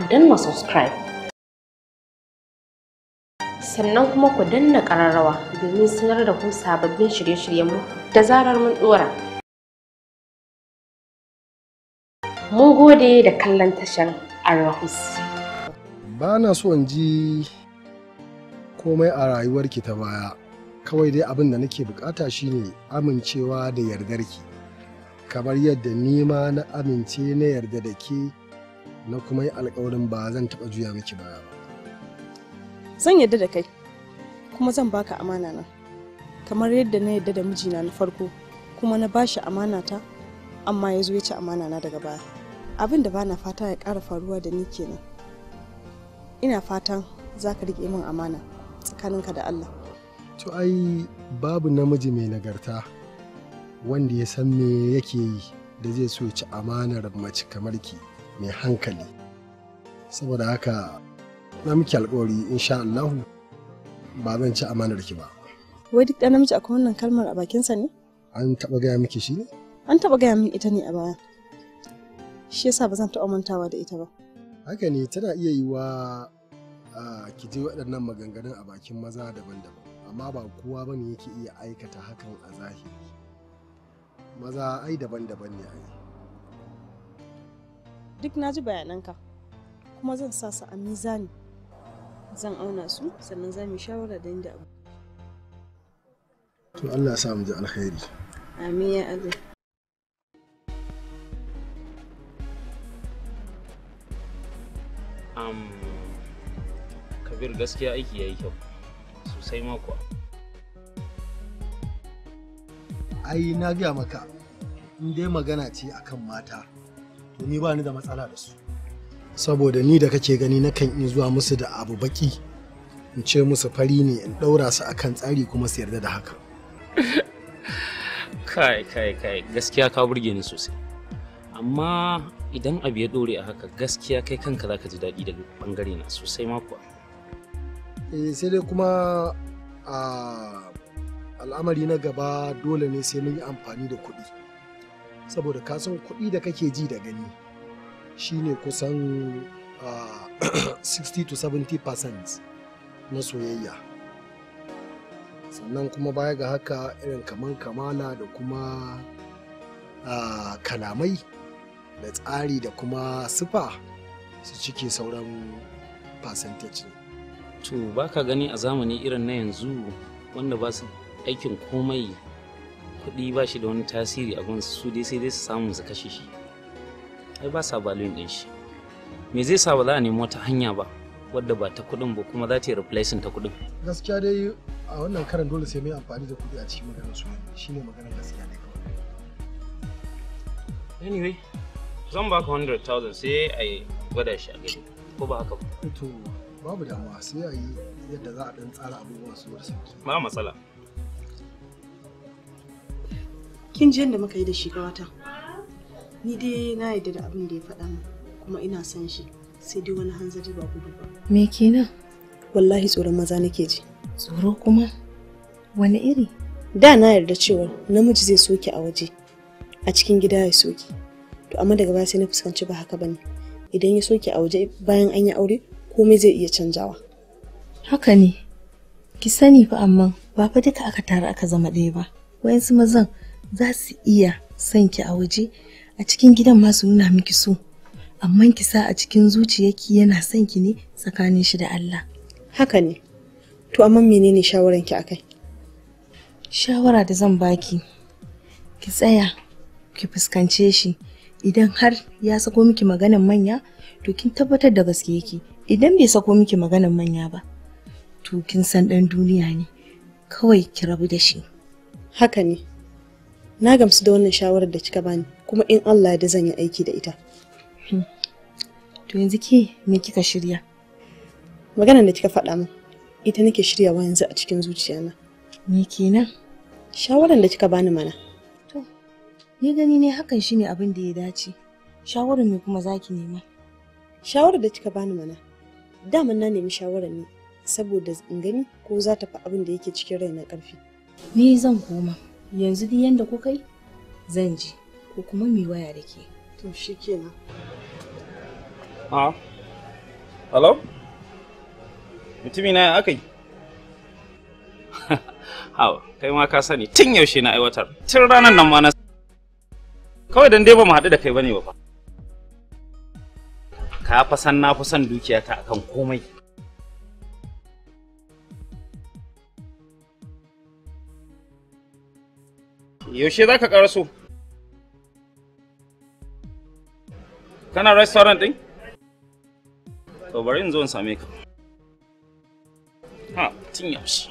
ku danna subscribe sannan kuma ku danna kararrawa domin sanar da ku sababbin shirye-shiryenmu da zarar mun ɗora. Mun gode da kallon tashar Arahus. Ba na so in ji komai a rayuwarki ta baya, kawai dai abin da nake bukata shine amincewa da yardarki, kamar yadda ma na amince na yarda da ke. na kuma yi alkawarin ba zan taɓa juya miki baya ba. Zan yarda da kai, kuma zan baka amana na. Kamar yadda na yarda da mijina na farko, kuma na shi amana ta, amma ya zo ya ci amana na daga baya. Abin da bana fata ya kara faruwa da ni kenan. Ina fatan za ka riƙe min amana tsakaninka da Allah. To ai babu namiji mai nagarta wanda ya san me yake yi da zai so ya ci amanar mace kamar ki. mai hankali saboda haka na muke alkawari insha Allah ba zan ci amanar ki ba wai duk ɗan namiji akwai wannan kalmar a bakinsa ne an taɓa gaya miki shi ne an taɓa gaya min ita ne a baya shi yasa ba zan taɓa mantawa da ita ba haka ne tana iya yiwa ki ji waɗannan maganganun a bakin maza daban-daban amma ba kowa bane yake iya aikata hakan a zahiri maza ai daban-daban ne ai duk na ji bayananka kuma zan sa su a mizani zan auna su sannan za mu shawara da inda abu to Allah ya sa mu ji alkhairi amin ya Allah um, kabir gaskiya aiki yayi kyau sosai mako ai na gaya maka in dai magana ce akan mata to ni ba ni da matsala da su saboda ni da kake gani nakan in zuwa musu da abu baki in ce musu fari ne in ɗaura su akan tsari kuma su yarda da haka kai kai kai gaskiya ka burge ni sosai amma idan abu ya dore a haka gaskiya kai kanka zaka ji daɗi daga bangare na sosai mako eh sai dai kuma a ah, al'amari na gaba dole ne sai mun yi amfani da kuɗi saboda ka san kuɗi da kake ji da gani shine kusan 60 ah, 70 na soyayya sannan kuma baya ga haka irin kaman kamala da kuma ah, kalamai da tsari da kuma sifa su cike sauran percentage to baka gani a zamani irin na yanzu wanda ba su aikin komai kuɗi ba shi da wani tasiri a gunsu su dai sai dai su samu su kashe shi ai ba sa balon ɗin shi me zai sa ba za a nemi wata hanya ba wadda ba ta kuɗin ba kuma za ta yi replacing ta kuɗin gaskiya dai a wannan karan dole sai mai amfani da kuɗi a cikin maganar su shine maganar gaskiya ne kawai anyway zan baka 100,000 sai a yi gwada shi a gari ko ba haka ba to babu damuwa sai a yi yadda za a ɗan tsara abubuwa su da ba matsala kin ji yadda muka yi da shi kawata ni dai na yarda da abin da ya faɗa min kuma ina son shi sai dai wani hanzari ba gudu ba me kenan wallahi tsoron maza nake ji tsoro kuma wani iri da na yarda cewa namiji zai soke a waje a cikin gida ya soke to amma daga baya sai na fuskanci ba haka bane idan ya soke a waje bayan an yi aure komai zai iya canjawa haka ne ki sani fa amma ba fa duka aka tare aka zama ɗaya ba wayansu mazan za su iya son ki a waje a cikin gidan ma su nuna miki so amma ki sa a cikin zuciyarki yana son ki ne tsakanin shi da Allah haka ne to amma menene shawaran ki akai shawara da zan baki ki tsaya ki fuskance shi idan har ya sako miki maganan manya to kin tabbatar da gaske yake idan bai sako miki maganan manya ba to kin san dan duniya ne kawai ki rabu da shi haka ne na gamsu da wannan shawarar da kika bani kuma in Allah da zan yi aiki da ita hmm. to yanzu ke me kika shirya maganar da kika faɗa min ita nake shiryawa yanzu a cikin zuciyana me kenan shawarar da kika bani mana to ni gani ne hakan shine abin da ya dace shawarar me kuma zaki nema shawarar da kika bani mana daman na nemi shawarar ne saboda in gani ko za ta fi abin da yake cikin raina karfi ni zan koma yanzu duk yanda kuka yi zan ji ko kuma mi waya da ke to shikenan ha ah. hello mutumi na aka yi hawa kai ma ka sani tun yaushe na aiwatar tun ranar nan ma na kawai dan dai ba mu haɗu da kai bane ba ka fa san na fi son dukiyata akan komai yaushe za ka karaso kana restaurant din to bari in zo in same ka ha tun yaushe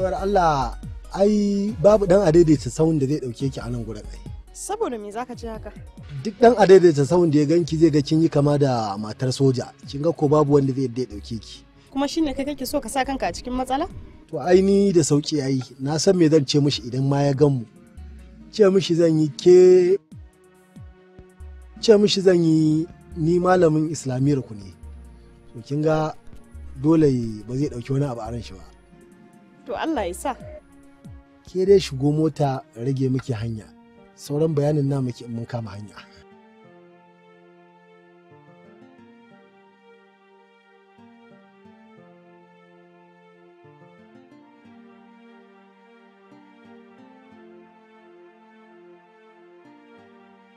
Saboda Allah ai babu dan adaidaita sahun da zai dauke ki a nan gurin ai. Saboda me zaka ce haka? Duk dan adaidaita sahun da ya ganki zai ga kin yi kama da matar soja. Kin ga ko babu wanda zai yadda ya dauke ki. Kuma shine kai kake so ka sa kanka a cikin matsala? To ai ni da sauki yayi. Na san me zan ce mishi idan ma ya gan mu. Ce mishi zan yi ke ce mishi zan yi ni malamin islamiyar ku ne. To kin ga dole ba zai dauki wani abu a ran shi ba. To Allah ya sa. Ke dai shigo mota rage miki hanya. Sauran bayanin na miki mun kama hanya.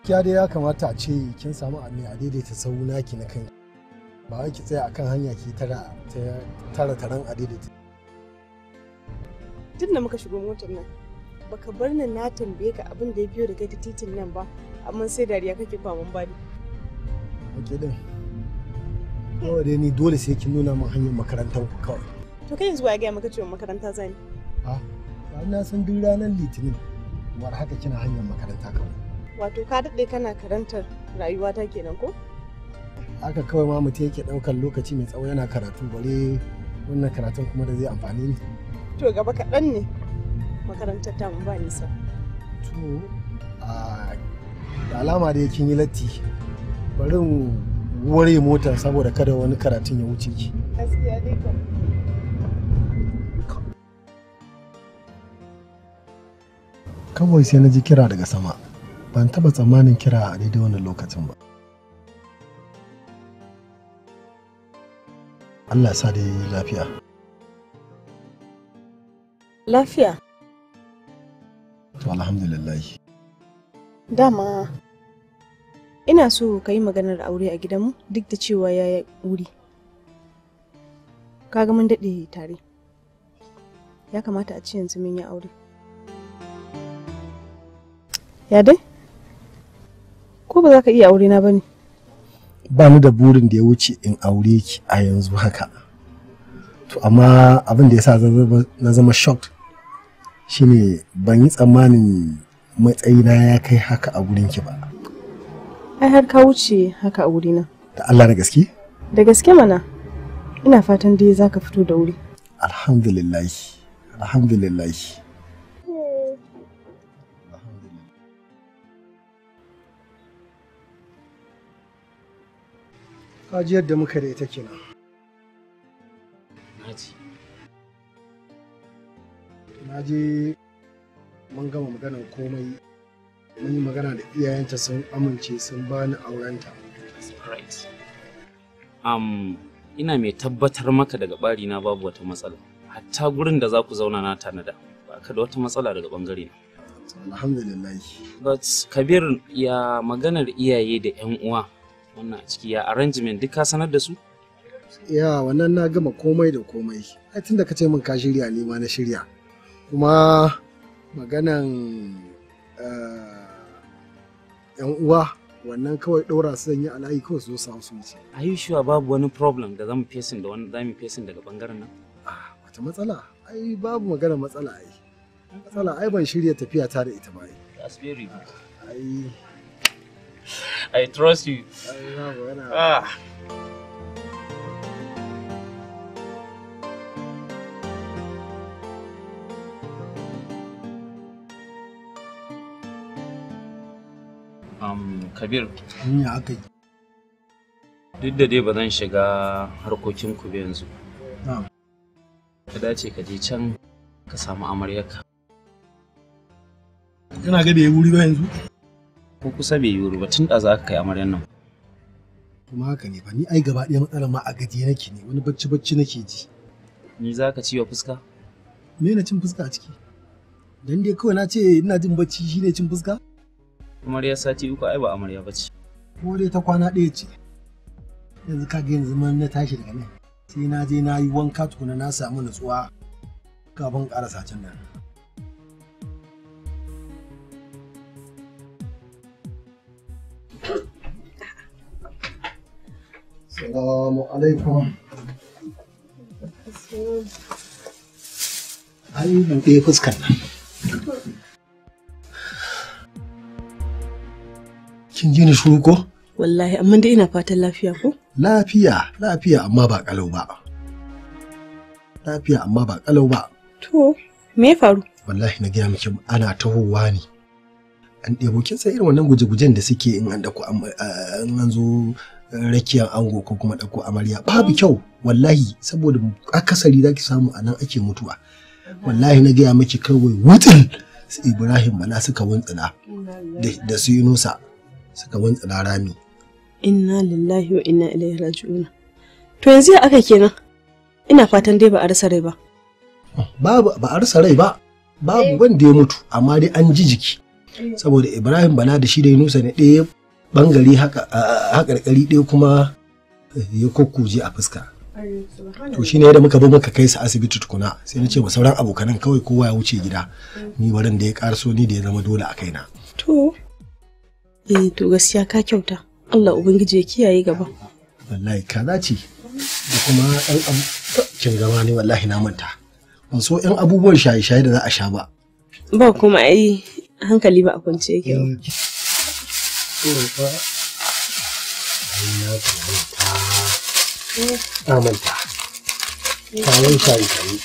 gaskiya dai ya kamata a ce kin samu abu a daidaita sauna ki na kan ba ki tsaya akan hanya ki tara tara taran a daidaita tun da muka shigo motar nan baka bar nan na tambaye ka abin da ya biyo daga ta titin nan ba amma sai dariya kake kwaman bani ake din kawai dai ni dole sai kin nuna min hanyar makarantar ku kawai to kai yanzu ya gaya maka cewa makaranta zani a ba na san duk ranar litinin war haka kina hanyar makaranta kawai wato ka daɗe kana karantar rayuwata kenan ko haka kawai ma mutum yake ɗaukar lokaci mai tsawo yana karatu bare wannan karatun kuma da zai amfani ni to gaba kaɗan ne makarantar ta ba nisa to a alama da kin yi latti bari mu ware mota saboda kada wani karatun ya wuce ki kawai sai na ji kira daga sama ban taba tsammanin kira a daidai wannan lokacin ba Allah ya sa dai lafiya Lafiya. To alhamdulillah. Dama ina so ka yi maganar aure a gidanmu duk da cewa ya yi wuri. ga mun daɗe tare. Ya kamata a ce yanzu mun yi aure. Ya dai? Ko ba za ka iya aure na ba ne? Ba ni da burin da ya wuce in aure ki a yanzu haka. To amma abin da ya sa na zama shocked shine ban yi tsammanin matsayina ya kai haka a ki ba ai har ka wuce haka a wurina da Allah da gaske da gaske mana ina fatan dai zaka fito da wuri alhamdulillah alhamdulillah kajiyar da muka da ita kenan na je mun gama magana komai mun yi magana da iyayenta sun amince sun bani aurenta um, ina mai tabbatar maka daga bari na babu wata matsala hatta gurin da za ku zauna na tanada ba ka da wata matsala daga bangare na alhamdulillah but kabir ya maganar iyaye da yan uwa wannan a ciki ya arrangement duk sanar da su ya wannan na gama komai da komai ai da ka ce min ka shirya ne ma na shirya kuma maganan eh, yan uwa wannan kawai ɗora su yi alayi kawai su samu su wuce. Are you sure babu wani problem da zamu fesin da wani zamu fesin daga bangaren nan? Ah, wata matsala. Ai babu maganar matsala ai. Matsala ai ban shirya tafiya ta da ita ba ai. That's very good. Ai I trust you. Ai babu yana. Ah. kabir ya aka yi duk da dai ba zan shiga harkokin ku ba yanzu ka dace ka je can ka samu amaryarka kana ga bai wuri ba yanzu ko kusa bai wuri ba tun da za ka kai amaryar nan kuma haka ne ba ni ai gaba ɗaya matsalar ma a gaji nake ne wani bacci bacci nake ji ni za ka ciwa fuska me na cin fuska a ciki dan dai kawai na ce ina jin bacci shine cin fuska amarya sati uku ai ba amarya bace. ce ko dai ta kwana ɗaya ce yanzu ka ga yanzu na tashi daga nan sai na je na yi wanka tukuna na samu nutsuwa kafin ƙara satin nan Salamu alaikum. Ai, buɗe fuskar nan. Kin ji ni shuru ko? Wallahi, amma dai ina fatan lafiya ko? Lafiya, lafiya amma ba kalau ba. Lafiya amma ba kalau ba. To, me ya faru? Wallahi na gaya miki ana tahowa ne. An ɗebo kin san irin wannan guje-gujen da suke in an dako eh, in an zo rakiyar ango ko kuma dako amarya babu mm. kyau wallahi saboda akasari zaki samu a nan ake mutuwa wallahi na gaya miki kawai wutin ibrahim bala suka wuntsina da su yunusa suka wuntsula rami inna lillahi wa inna ilaihi raji'un to yanzu ya aka kenan ina fatan dai ba a rasa rai ba ah, babu ba a rasa rai ba babu eh. wanda ya mutu amma dai an ji jiki eh. saboda ibrahim bala da shi da yunusa ne ɗaya bangare haka haƙarƙari ɗaya kuma eh, ya kokkuje a fuska to shi ne da muka bi muka kai su asibiti tukuna sai na ce sauran abokanan kawai kowa ya wuce gida ni barin da ya karso ni da ya zama dole a kaina to eh to gaskiya ka kyauta Allah ubangiji ya kiyaye gaba wallahi ka ce da kuma ɗan kin gama ne wallahi na manta ban so ɗan abubuwan shaye-shaye da za a sha ba ba kuma ai hankali ba a kwance yake ba eh, na manta kayan shaye-shaye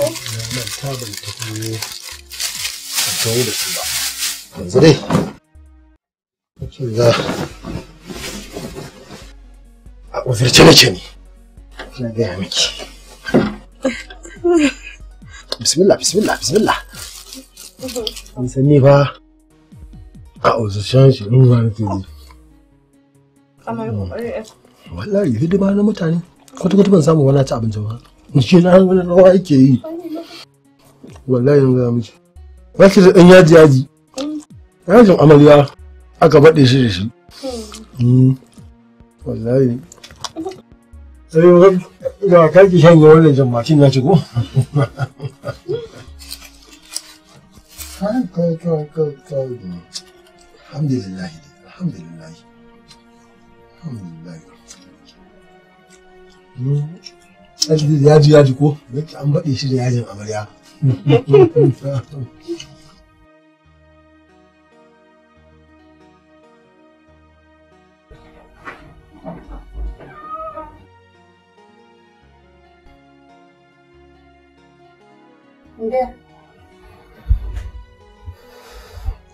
na manta ban tafi a da su ba yanzu dai za a uzurce nake ne na gaya miki bismillah bismillah bismillah an san ni ba a uzurcen shi in ba nake ne mm. eh. wallahi hidima na mutane kwata-kwata ban samu wani ci abinci ba shi na wani rawa yake yi wallahi yanzu ya miki ba ki da ɗan yaji yaji yajin amarya aka baɗe shi da shi hmm. wallahi sai ga kaki shanye wannan jammakin na shigo kai kai kai kai kai alhamdulillah alhamdulillah alhamdulillah hmm. yaji yaji ko an baɗe shi da yajin amarya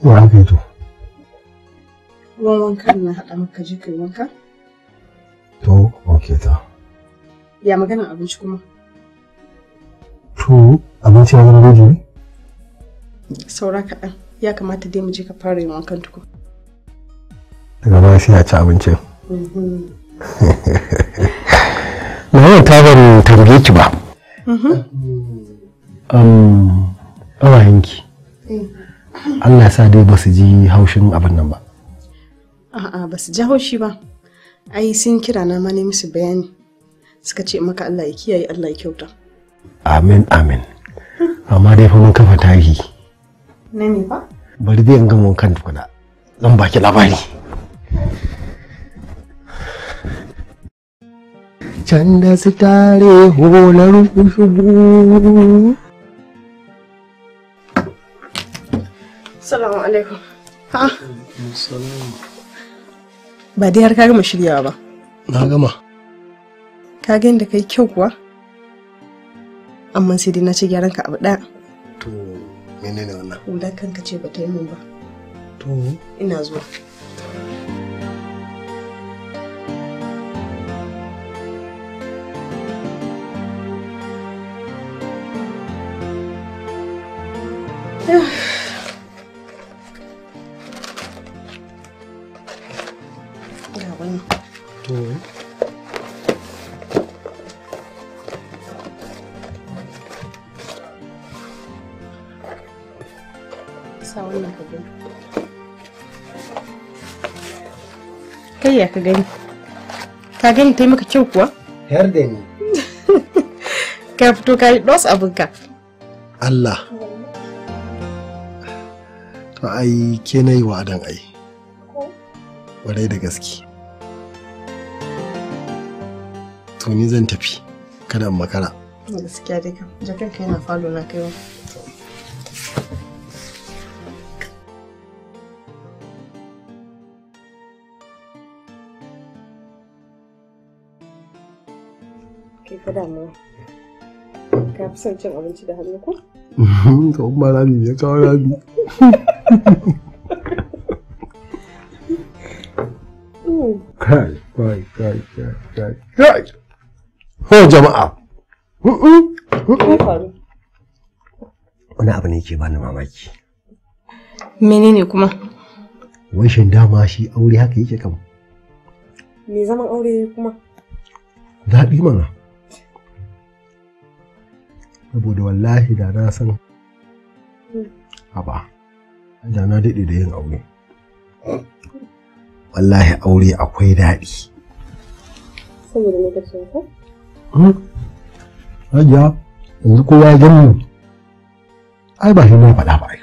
Ya haka to. Ruwan wankan na haɗa maka je kai wanka? To, ok ta. Ya maganar abinci kuma? To, abinci ya zama gaji ne? Saura kaɗan, ya kamata dai mu je ka fara yin wankan tukun. Daga baya sai a ci abincin. Na yau ta bari tambaye ki ba. Mm-hmm. Mm. um, ƙawayenki eh. Allah sa dai ba su ji haushin abin nan ba a'a ba su ji haushi ba ai sun kira na ma ne musu bayani suka ce maka Allah ya kiyaye Allah ya kyauta amin amin amma dai fa mun kafa tahi na ne ba bari dai an gama kan tukuna zan baki labari can da su tare holar shubu Ba dai har ka gama shiryawa ba. Na gama. Ka ga inda kai kyau kuwa? Amma sai dai na ci gyaran ka abu ɗaya. To menene wannan? Hular kanka ce ba ta yi min ba. To. Ina zuwa. Yeah. ka gani ka gani ta yi maka kyau kuwa yar da ni ka fito ka yi dos abinka Allah to ai ke na yi wa adan ai ƙwarai da gaske to ni zan tafi kada in makara gaskiya dai ka jakan jakanka yana falo na kaiwa kada mu ka fi son cin abinci da hannu ko? to umma rami ya kawo rami kai kai kai kai kai ho jama'a wani abu ne ke bani mamaki menene kuma wai shin dama shi aure haka yake kan me zaman aure kuma daɗi mana saboda wallahi da na san haba da na daɗe da yin aure wallahi aure akwai daɗi saboda lokacin ka? Hmm? Hajiya, yanzu kowa mu. Ai ba shi na faɗa ba ai.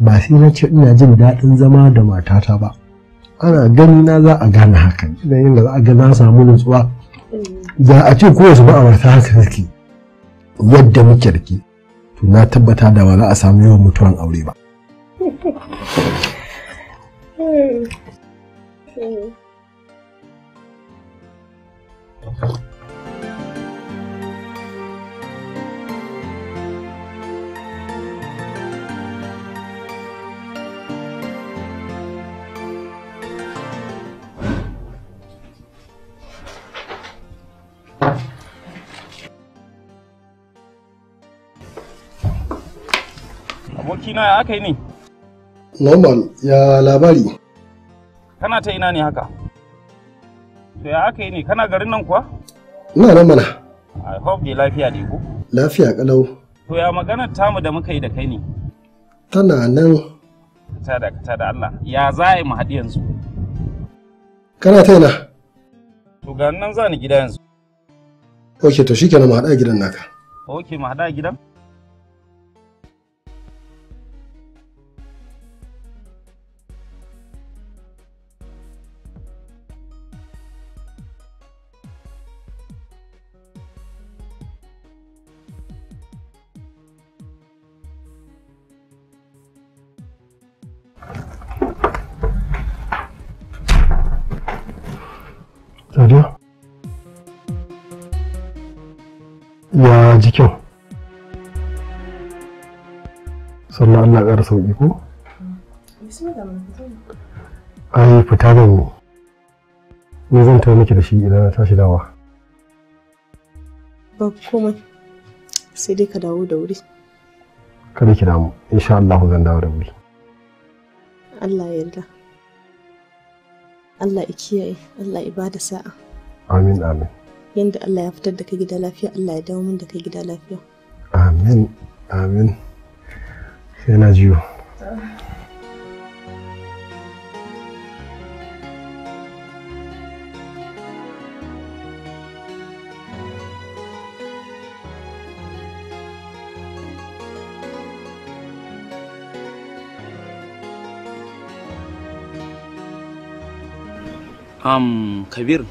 Ba sai na ce ina jin daɗin zama da matata ba. Ana gani na za a gane hakan. Idan yin da za a ga na samu nutsuwa. Mm. Za a ce kowace wata haka zaki. yadda muke da ke to na tabbata da ba za a samu yawan mutuwan aure ba Thank hmm. you. Hmm. Hmm. na ya aka yi ne? Normal ya labari. Kana ta ina ne haka? To ya aka yi ne kana garin nan kuwa? Ina nan mana. I hope dai lafiya ne ko? Lafiya kalau. To ya maganar tamu da muka yi da kai ne? Tana nan. Kata da kata da Allah. Ya za a yi mu haɗi yanzu? Kana ta ina? To ga nan za ni gida yanzu. Ok to shi kenan mu haɗa gidan naka. Ok mu haɗa gidan? ya ji kyau sannan Allah ƙara sauƙi ko? ai fita da ni ne zan tawo miki da shi idan na tashi dawa ba komai sai dai ka dawo da wuri kada ki damu insha Allah zan dawo da wuri Allah ya yarda Allah ya kiyaye Allah ya bada sa'a amin amin yadda Allah ya fitar da kai gida lafiya Allah ya dawo min da kai gida lafiya amin amin sai na jiyo Um, Kabir,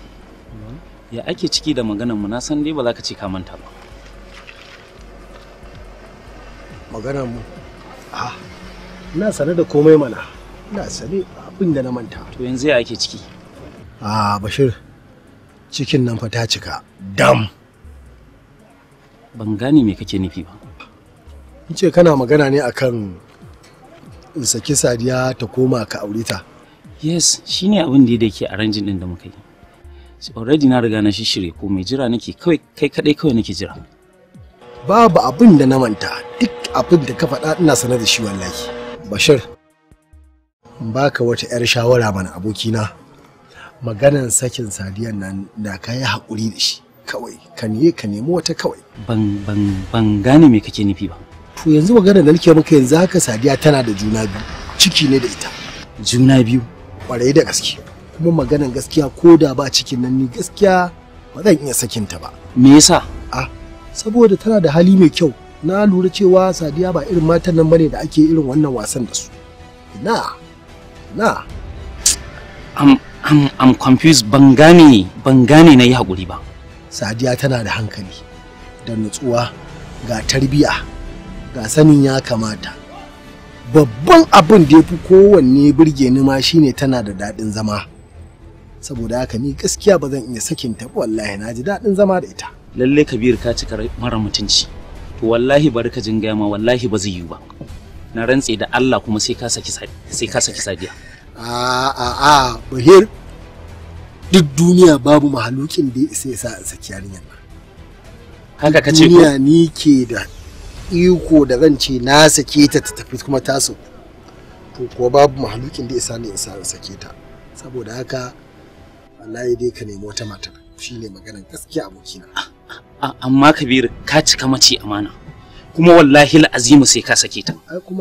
ya ake ciki da maganar mu na san dai ba za ka ce ka manta ba maganar mu a na sane da komai mana na sane abin da na manta to yanzu ya ake ciki a bashir cikin nan fa ta cika dam ban gane me kake nufi ba in ce kana magana ne akan in saki sadiya ta koma ka aure ta yes shine abin da yake a ranjin din da muka yi already na riga na shishire ko mai jira nake kawai kai kadai kawai nake jira babu abin da na manta duk abin da ka faɗa ina sanar da shi wallahi bashir baka wata 'yar shawara mana abokina maganan sakin sadiyan nan da ka yi da shi kawai ka ne ka nemi wata kawai ban ban ban gane me kake nufi ba to yanzu maganar da nake maka yanzu haka sadiya tana da juna biyu ciki ne da ita juna biyu ƙwarai da gaske kuma maganan gaskiya ko da ba cikin nan ni gaskiya ba zan iya sakin ta ba me yasa ah saboda tana da hali mai kyau na lura cewa sadiya ba irin matan nan bane da ake irin wannan wasan da su na na am am am confused ban gane ban na yi hakuri ba sadiya tana da hankali da nutsuwa ga tarbiya ga sanin ya kamata babban abin da ya fi kowanne burge ni ma shine tana da daɗin zama saboda haka ni gaskiya ba zan iya sakin ta wallahi na ji daɗin zama da ita lalle kabir ka cika mara mutunci to wallahi bari ka jinga ma wallahi ba zai yi ba na rantse da Allah kuma sai ka saki sai ka saki sadiya a a a bahir duk duniya babu mahalukin da sai isa ya sa a saki yarinyar nan haka kace duniya ni ke da iko da zan ce na sake ta ta tafi kuma ta sauku to kuwa babu mahalukin da isa ne isa in sake ta saboda haka wallahi dai ka nemi wata matar shine maganar gaskiya abokina amma kabir ka cika mace amana kuma wallahi azimu sai ka sake ta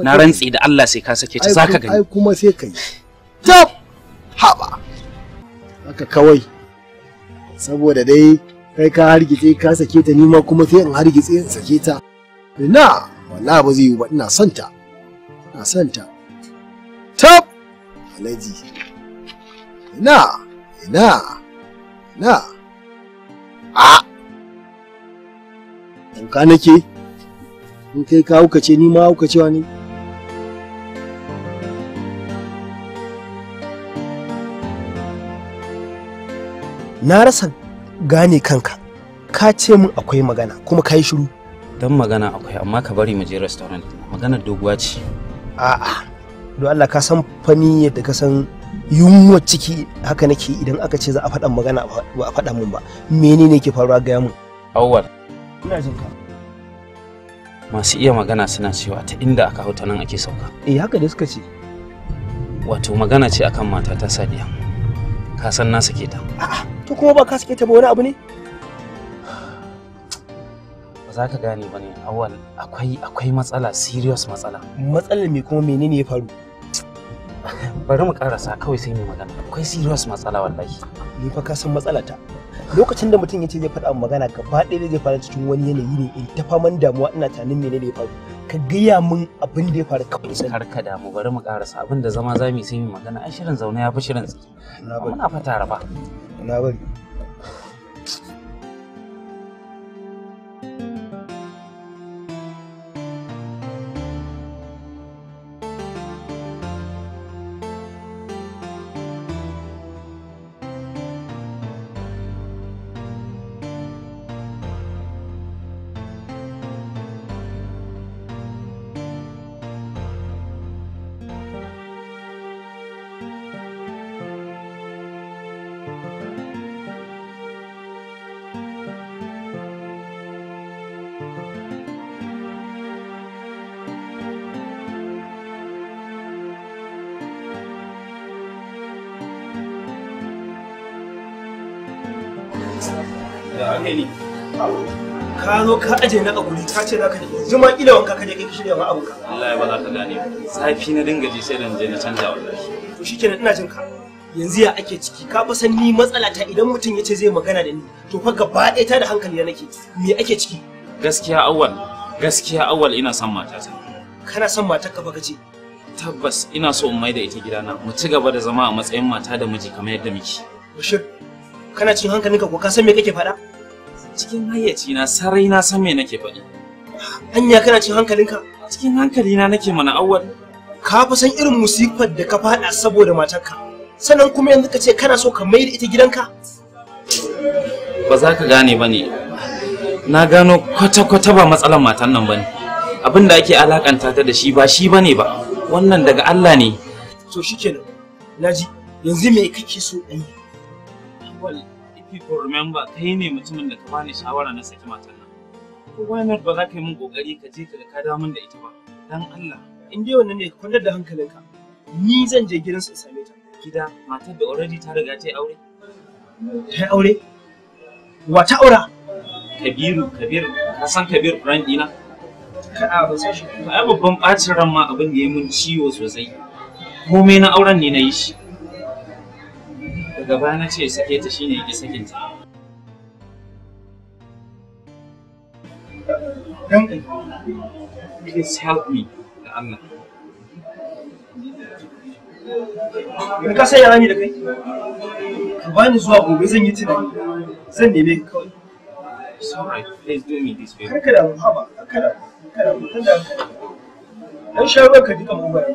na rantse da Allah sai ka sake ta zaka gani ai kuma sai kai tab haba haka kawai saboda dai kai ka hargitse ka sake ta nima kuma sai in hargitse in sake ta na wallahi ba zai yi ba ina son ta ina son ta tab alaji na ina ina a yanka nake in kai ka ce ni ma cewa ne na rasa gane kanka ka ce min akwai magana kuma ka yi shiru don magana akwai amma ka bari mu je restaurant maganar doguwa ce a'a don Allah ka san fani yadda ka san yunwa ciki haka nake idan aka ce za a faɗa magana ba a faɗa mun ba menene ke faruwa ga mu awwal ina jin ka masu iya magana suna cewa ta inda aka hauta nan ake sauka eh haka da suka ce wato magana ce akan mata ta sadiya ka san na sake ta a'a to kuma ba ka sake ta ba wani abu ne ba za ka gane ba ne awwal akwai akwai matsala serious matsala matsalar me kuma menene ya faru bari mu karasa kawai sai mu magana akwai serious matsala wallahi ni fa ka san matsalata lokacin da mutum yace zai faɗa mu magana gaba ɗaya zai fara cikin wani yanayi ne in ta faman damuwa ina tunanin menene ya faru ka gaya min abin da ya faru kawai sai har ka damu bari mu karasa abin da zama zamu sai mu magana ai shirin zaune ya fi shirin tsi muna fata raba na bari alheri ka zo ka aje na a guri ka ce za ka je Zuma ma kila wanka ka je kai shirya ma abuka ya ba za ka gane zafi na dinga ji sai dan je na canja wallahi to shikenan ina jin ka yanzu ya ake ciki ka fa san ni matsala ta idan mutum ya ce zai magana da ni to fa gaba ɗaya ta da hankali na nake me ake ciki gaskiya awwal gaskiya awwal ina son matata kana son matar ka fa kace tabbas ina so in maida ita gidana mu ci gaba da zama a matsayin mata da miji kamar yadda muke bashir kana cin hankalinka ko ka san me kake faɗa cikin hayyaci na sarai na san me nake faɗi anya kana cin hankalinka cikin hankalina nake mana awwal ka fa san irin musifar da ka faɗa saboda matarka sannan kuma yanzu ka ce kana so ka mai da ita gidanka ba za ka gane ba ne na gano kwata-kwata ba matsalar matan nan ba ne abin da ake alakanta ta da shi ba shi ba ne ba wannan daga Allah ne to shikenan naji yanzu me kake so ɗan people remember kai ne mutumin da ka bani shawara na saki matan nan ko why not ba za ka yi min kokari ka je ka ka damun da ita ba dan Allah in dai wannan ne ka da hankalinka ni zan je gidan su same ta gida matar da already ta riga ta yi aure ta yi aure wa ta aura Kabiru Kabiru ka san Kabiru ran dina ka'a ba sai shi ba. babban bacin ran ma abin da ya mun ciwo sosai komai na auren ne na yi shi gaba na ce sake ta shi ne yake sakin ta please help me da Allah Me ka sai rami da kai? Ka ba ni zuwa gobe zan yi tunani. Zan neme ka kawai. Sorry, please do me this favor. Kada mu haba, kada mu, kada mu, kada mu. Dan shawarar ka duka mu bari.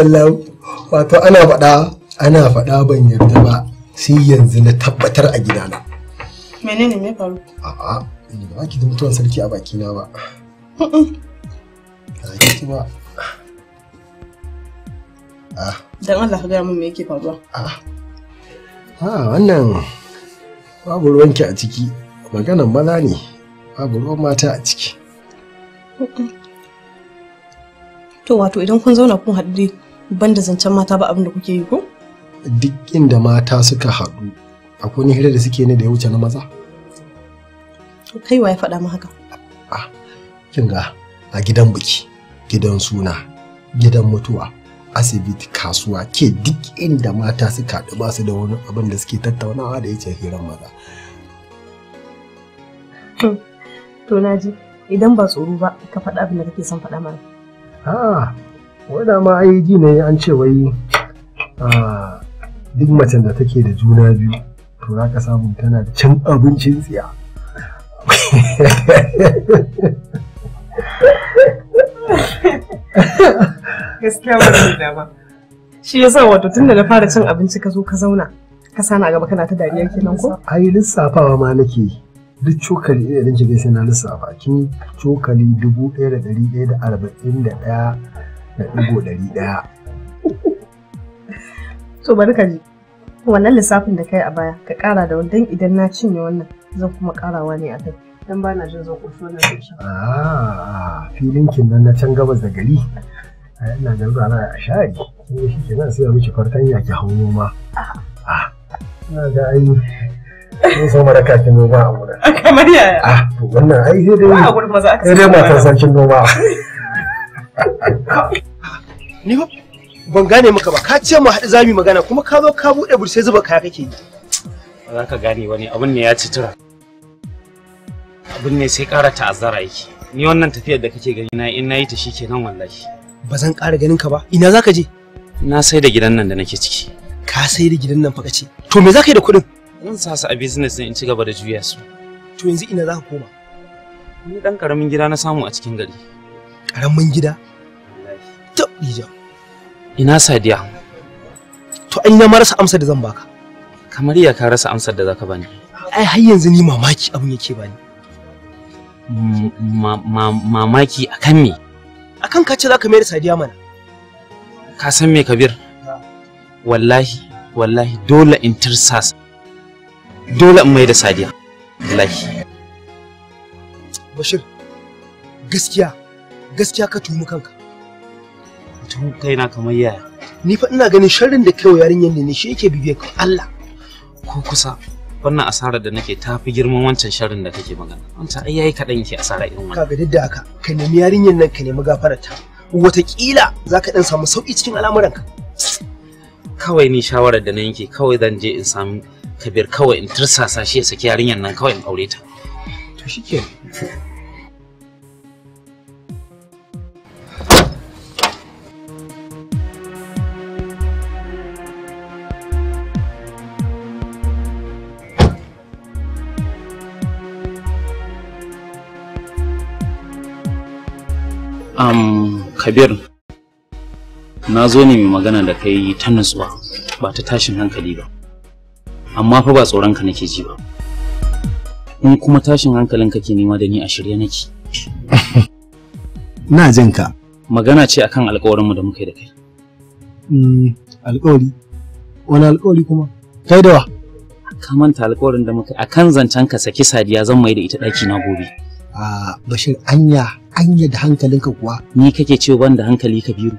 illallah wato ana faɗa ana faɗa ban yarda ba sai yanzu na tabbatar a gidana menene me faru a'a ni ba ki da mutuwan sarki a baki na ba a ki ba ah. dan Allah ka ga mun me yake faruwa a'a ah. a wannan babu ruwanki a ciki maganan maza ne babu ruwan mata a ciki to wato idan kun zauna kun haɗu ban da zancen mata ba abin da kuke yi ko? Duk inda mata suka haɗu, akwai ni hira da suke ne da ya wuce na maza. Kai wa ya faɗa mu haka? A, ah, kin ga a gidan biki, gidan suna, gidan mutuwa, asibiti, kasuwa, ke duk inda mata suka haɗu ba su da wani abin da suke tattaunawa da ya ce hiran maza. To na ji, idan ba tsoro ba, ka faɗa abin da kake son faɗa mana. Ah, wadda ma yi ji ne an ce wai duk macen da take da juna biyu to za ka samu tana da cin abincin tsiya gaskiya ba da ba shi sa wato da na fara cin abinci ka zo ka zauna ka sana gaba kana ta dariya kenan ko ai lissafawa ma nake duk cokali ɗaya da shiga sai na lissafa kin cokali dubu ɗaya da ɗari ɗaya da arba'in da ɗaya da ɗigo ɗari ɗaya. To bari ka ji, wannan lissafin da kai a baya ka ƙara da wani idan na cinye wannan zan kuma ƙarawa ne a kai. Dan ba na jin zan ƙoshi na zuciya. Ah, filin nan na can gabas da gari. A yana da zana a shari. Kin ga shi kenan sai a miki fartanya ki hau noma. Ah, ah na ga ai so mara kakin noma a wurin. Kamar yaya? Ah, wannan ai sai dai. Ba a gurin maza aka sai. dai sarkin noma. ni fa ban gane maka ba ka ce mu haɗu zami magana kuma ka zo ka buɗe burse sai zuba kaya kake yi ba za ka gane wani abin ne ya ci tura abin ne sai ƙara ta'azzara yake ni wannan tafiyar da kake gani na in nayi ta shi kenan wallahi ba zan ƙara ganin ka ba ina zaka je na sai da gidan nan da nake ciki ka sai da gidan nan fa kace to me zaka yi da kuɗin zan sa su a business din in ci gaba da juya su to yanzu ina zaka koma ni dan karamin gida na samu a cikin gari karamin gida to Ina Sadiya? To an na marasa rasa amsar da zan baka. Kamar ya ka rasa amsar da zaka bani. Ai har yanzu ni mamaki abin yake bani. Mamaki akan me? Akan ka ce zaka mai da Sadiya mana. Ka san me Kabir? Wallahi, wallahi dole in tirsasa. Dole in mai da Sadiya. Wallahi. Bashir, gaskiya, gaskiya ka tumi kanka. tun kaina kamar yaya ni fa ina ganin sharrin da kai yarinyar ne shi yake bibiye ka Allah ko kusa wannan asarar da nake ta fi girman wancan sharrin da kake magana wancan ai yayi kaɗan yake asara irin wannan kaga duk da haka ka nemi yarinyar nan ka nemi ta wataƙila za ka ɗan samu sauƙi cikin al'amuranka kawai ni shawarar da na yanke kawai zan je in samu kabir kawai in tursasa shi ya saki yarinyar nan kawai in aure ta to shikenan um, kabir na zo ne mai magana da kai ta nutsuwa ba ta tashin hankali ba amma fa ba tsoronka nake ji ba in kuma tashin hankalin kake nema da ni a shirye nake na jin ka magana ce akan alkawarinmu da muka yi da kai mm, alkawari wani alkawari kuma kai da wa ka manta alkawarin da muka yi akan zancen ka saki sadiya zan mai da ita daki na gobe a ah, bashir anya anya da hankalinka kuwa ni kake ce wanda hankali kabiru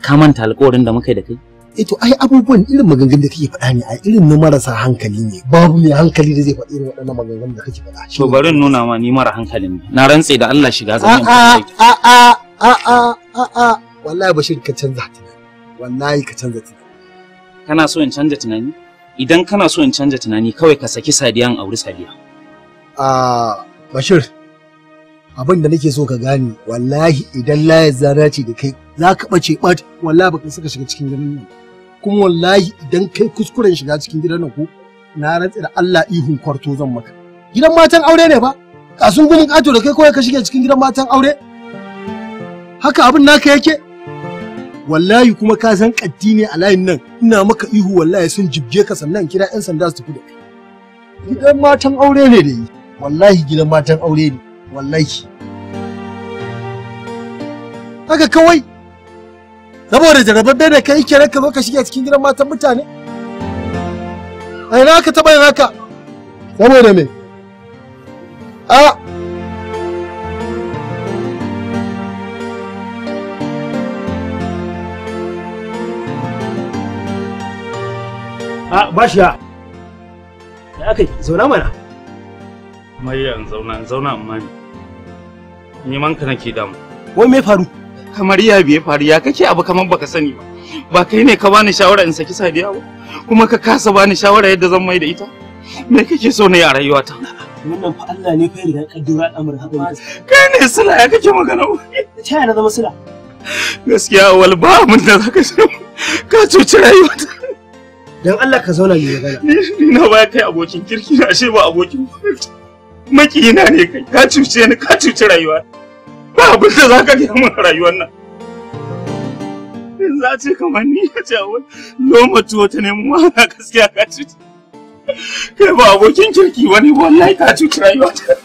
ka manta alƙawarin da muka yi da kai eh to ai abubuwan irin maganganun da kake faɗa ne a irin na marasa hankali ne babu mai hankali da zai faɗi irin waɗannan maganganun da kake faɗa to bari nuna ma ni mara hankalin ne na rantse da Allah shiga zan yi a a a a a a wallahi bashir ka canza tunani wallahi ka canza tunani kana so in canza tunani idan kana so in canza tunani kawai ka saki sadiyan auri sadiya a ah, bashir abin da nake so ka gane wallahi idan layar zana ce da kai za ka ɓace ɓat wallahi baka saka shiga cikin gidan nan kuma wallahi idan kai kuskuren shiga cikin gidan nan ko na rantsi da Allah ihun kwarto zan maka gidan matan aure ne ba? kasun gumin ƙato da kai kawai ka shige cikin gidan matan aure haka abin naka yake wallahi kuma ka san kaddi ne a layin nan ina maka ihu wallahi sun jibge ka sannan kira 'yan sanda su tafi da kai gidan matan aure ne da wallahi gidan matan aure ne wallahi haka kawai saboda jarabar da kai kenan ka zo ka shiga cikin gidan matan mutane ai na ka taba naka saboda me a a bashiya da aka zauna mana Mariya in zauna in zauna amma ne neman ka nake damu wai me faru kamar ya biye faru ya kake abu kamar baka sani ba ba kai ne ka bani shawara in saki sadiya ba kuma ka kasa bani shawara yadda zan mai da ita me kake so ne a rayuwata wannan fa Allah ne fa riga kaddura al'amarin haka kai ne sila ya kake magana ta yana zama sila gaskiya wal ba mun da zaka ce ka cuci rayuwata dan Allah ka zauna ni magana ni na ba kai abokin kirki na ashe ba abokin makiyina ne kai ka cuce ni ka cuci rayuwa ba abin da zaka ga mun rayuwar nan in za ce kamar ni ya ce wai loma tuwo ta nemo wahala gaskiya ka cuci kai ba abokin kirki wani wallahi ka cuci rayuwa ta